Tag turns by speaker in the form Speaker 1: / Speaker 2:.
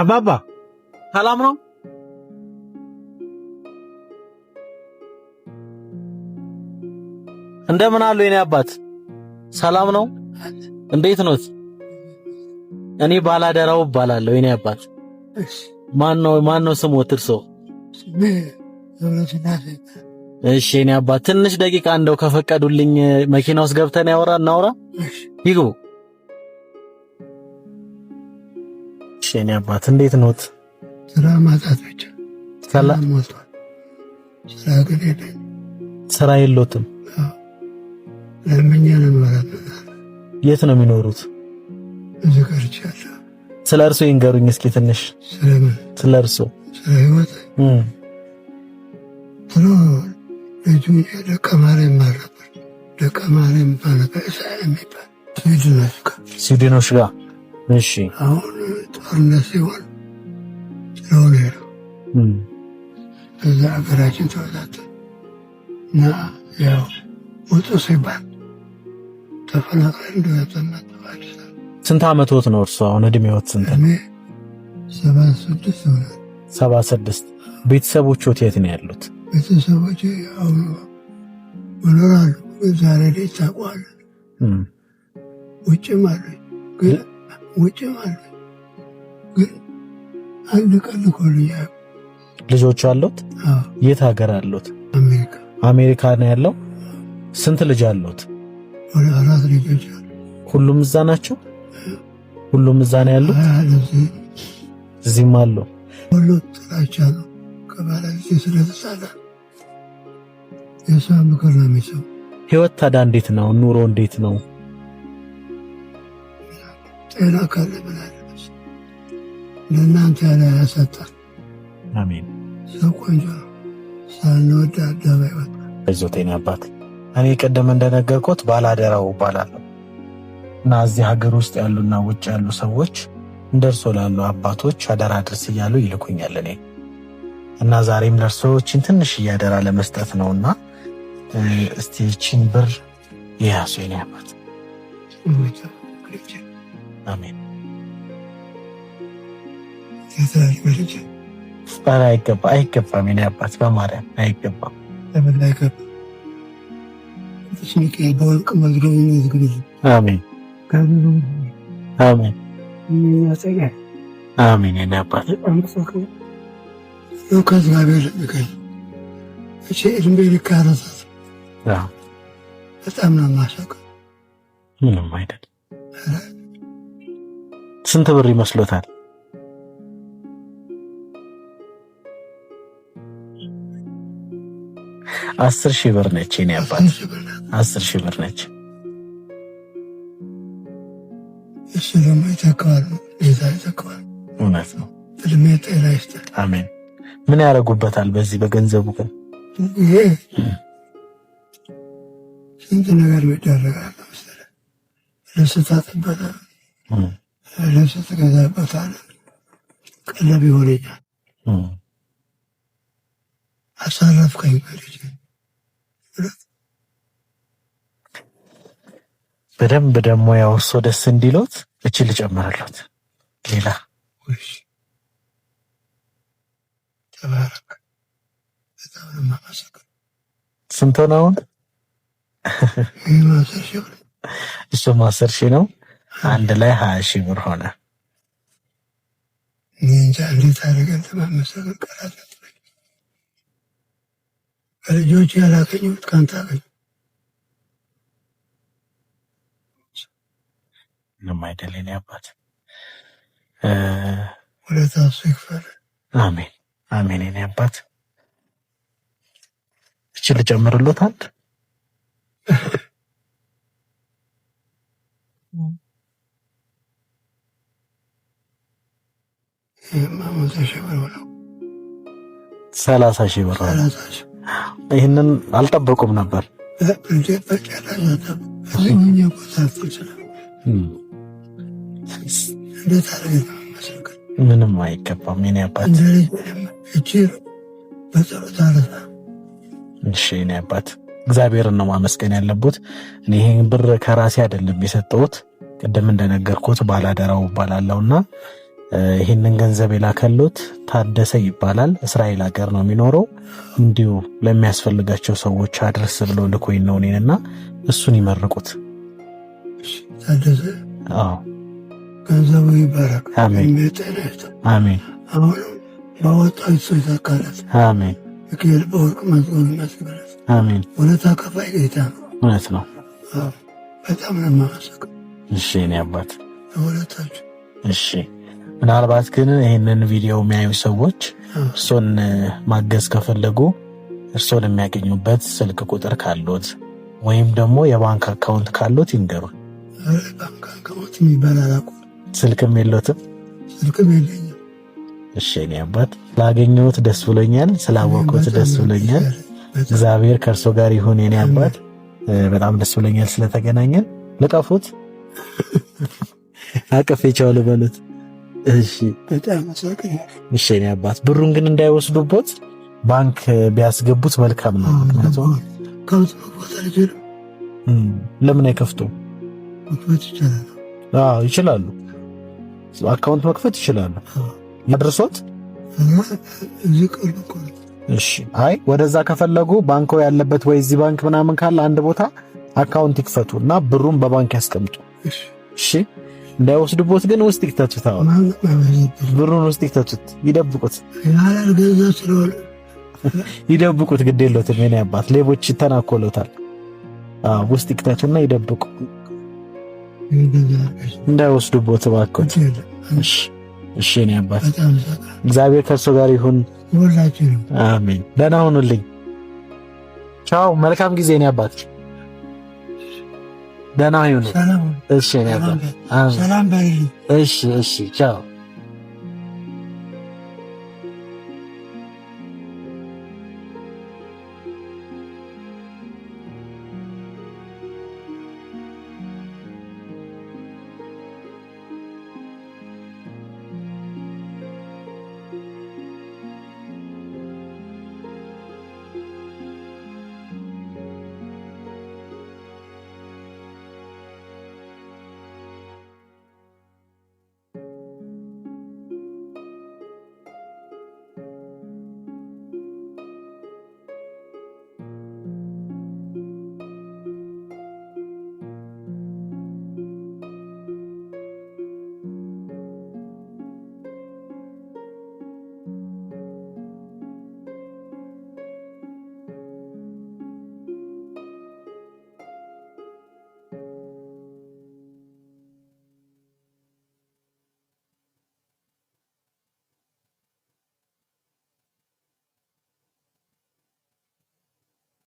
Speaker 1: አባባ ሰላም ነው? እንደምን አሉ የኔ አባት? ሰላም ነው? እንዴት ነው? እኔ ባላደራው እባላለሁ የኔ አባት። ማን ነው ማን ነው ስሙ? ትርሶ? እሺ የኔ አባት፣ ትንሽ ደቂቃ እንደው ከፈቀዱልኝ መኪና ውስጥ ገብተን ያወራ እናውራ። ይግቡ የኔ አባት እንዴት ኖት?
Speaker 2: ስራ ማጣት ብቻ
Speaker 1: ሰላም ሞልቷል
Speaker 2: ስራ ግን ስራ ለምኛ ነው
Speaker 1: የት ነው የሚኖሩት?
Speaker 2: እዚህ ቀርቻለሁ።
Speaker 1: ስለ እርሶ ይንገሩኝ እስኪ ትንሽ ስለ እርሶ
Speaker 2: ስለ ህይወት ብሎ ልጁ ደቀ ማርያም ደቀ ማርያም ስዊድኖች ጋር
Speaker 1: ስዊድኖች ጋር እሺ
Speaker 2: አሁን ጦርነት ሲሆን ስለሆነ እዛ ሀገራችን ተወጣት እና ያው ውጡ ሲባል ተፈናቅለን እንደወጠናት አዲስ
Speaker 1: ስንት ዓመትዎት ነው እርሱ? አሁን እድሜዎት ስንት
Speaker 2: ነው? ሰባ ስድስት
Speaker 1: ሰባ ስድስት ቤተሰቦች የት ነው ያሉት?
Speaker 2: ቤተሰቦች አሁን መኖራሉ ዛሬ ላይ ታቋል ውጭም አሉ ግን ውጭም አሉ። ግን አንድ ቀን
Speaker 1: ልጆቹ አሉት። የት ሀገር አሉት? አሜሪካ አሜሪካ ነው ያለው። ስንት ልጅ አሉት?
Speaker 2: አራት ልጆች አሉ።
Speaker 1: ሁሉም እዛ ናቸው። ሁሉም እዛ ነው ያሉት። እዚህም አሉ።
Speaker 2: ሁሉ ጥላቻ ነው። ከባላ ጊዜ ስለተሳለ የእሷ ምክር ነው የሚሰው።
Speaker 1: ህይወት ታዲያ እንዴት ነው? ኑሮ እንዴት ነው?
Speaker 2: ጤና ካለ ብላለች። ለእናንተ ያለ ያሰጣል። አሜን። ሰው ቆንጆ ነው። ሳንወድ አደባ ይወጣል።
Speaker 1: አይዞቴን አባት። እኔ ቅድም እንደነገርኩት ባላደራው እባላለሁ እና እዚህ ሀገር ውስጥ ያሉና ውጭ ያሉ ሰዎች እንደርሶ ላሉ አባቶች አደራ ድርስ እያሉ ይልኩኛል። እኔ እና ዛሬም ለእርሶችን ትንሽ እያደራ ለመስጠት ነውና እስቲ ይችን ብር የያሱ ኔ አባት አሜን። ኧረ አይገባ አይገባም። የእኔ አባት በማርያም አይገባም።
Speaker 2: በጣም ነው የማሳውቀው። ምንም አይደለም።
Speaker 1: ስንት ብር ይመስሎታል? አስር ሺህ ብር ነች። የኔ አባት አስር ሺህ ብር ነች።
Speaker 2: እሺ ደግሞ ይተካዋል፣ ጌታ ይተካዋል። እውነት ነው። እድሜ ጤና ይስጥል።
Speaker 1: አሜን። ምን ያደርጉበታል በዚህ በገንዘቡ ግን?
Speaker 2: ይሄ ስንት ነገር ይደረጋል መሰለህ። ልብስ ታጥበታል ልብስ ትገዛበታለህ፣ ቀለብ ይሆነኛል። አሳረፍከኝ በልጅ
Speaker 1: በደንብ ደግሞ ያው እሱ ደስ እንዲሎት እቺ ልጨምራለት ሌላ
Speaker 2: ተባረክ። በጣም ነው የማመሰግነው።
Speaker 1: ስንት ሆነ አሁን? እሱም አስር ነው። አንድ ላይ ሀያ ሺህ ብር ሆነ።
Speaker 2: እንጃ እንዴት አደረገን። ተማመሰገን ቃላት በልጆች ያላገኘሁት ከአንተ አገኘሁ።
Speaker 1: ምንም አይደል የእኔ አባት፣
Speaker 2: ሁለት ይክፈል።
Speaker 1: አሜን አሜን። የእኔ አባት እችል ጨምርሎት አንድ ሰላሳ ሺህ ብር ይህንን አልጠበቁም ነበር። ምንም አይገባም። ኔ አባት ኔ አባት እግዚአብሔርን ነው ማመስገን ያለብዎት። እኔ ይህን ብር ከራሴ አይደለም የሰጠሁት፣ ቅድም እንደነገርኩት ባላደራው እባላለሁና ይህንን ገንዘብ የላከሉት ታደሰ ይባላል። እስራኤል ሀገር ነው የሚኖረው። እንዲሁ ለሚያስፈልጋቸው ሰዎች አድርስ ብሎ ልኮኝ ነው እና እሱን ይመርቁት።
Speaker 2: ታደሰ ገንዘቡ ይባረክ።
Speaker 1: አሜን። አሁንም
Speaker 2: አሜን። በወርቅ መዝገብ አሜን። እውነት ጌታ ነው። እውነት ነው። በጣም ነው የማመሰግነው።
Speaker 1: እሺ እኔ አባት
Speaker 2: ለሁለታችሁ።
Speaker 1: እሺ ምናልባት ግን ይህንን ቪዲዮ የሚያዩ ሰዎች እርሶን ማገዝ ከፈለጉ እርሶን የሚያገኙበት ስልክ ቁጥር ካሎት ወይም ደግሞ የባንክ አካውንት ካሎት ይንገሩ።
Speaker 2: ባንክ አካውንት የሚባል አላውቅም።
Speaker 1: ስልክም የለትም?
Speaker 2: ስልክም የለኝም።
Speaker 1: እሺ እኔ አባት ስላገኘሁት ደስ ብሎኛል፣ ስላወቅሁት ደስ ብሎኛል። እግዚአብሔር ከእርሶ ጋር ይሁን። የኔ አባት በጣም ደስ ብሎኛል ስለተገናኘን። ልቀፉት፣ አቅፌ ልበሉት። እሺ በጣም እሺ። አባት ብሩን ግን እንዳይወስዱበት ባንክ ቢያስገቡት መልካም ነው። ምክንያቱም ለምን አይከፍቱም? ይችላሉ። አካውንት መክፈት ይችላሉ። አድርሶት አይ ወደዛ ከፈለጉ ባንኮ ያለበት ወይ እዚህ ባንክ ምናምን ካለ አንድ ቦታ አካውንት ይክፈቱ እና ብሩን በባንክ ያስቀምጡ። እሺ እንዳይወስዱቦት ግን ውስጥ ይክተቱት። አሁን ብሩን ውስጥ ይክተቱት፣ ይደብቁት፣ ይደብቁት። ግድ የለውም የኔ አባት፣ ሌቦች ይተናኮሉታል። ውስጥ ይክተቱና ይደብቁ፣ እንዳይወስዱቦት እባክዎት። እሺ የኔ አባት፣ እግዚአብሔር ከእርሶ ጋር ይሁን። አሜን። ደህና ሁኑልኝ። ቻው። መልካም ጊዜ የኔ አባት። ደህና ይሁኑ። እሺ፣ እሺ፣ ቻው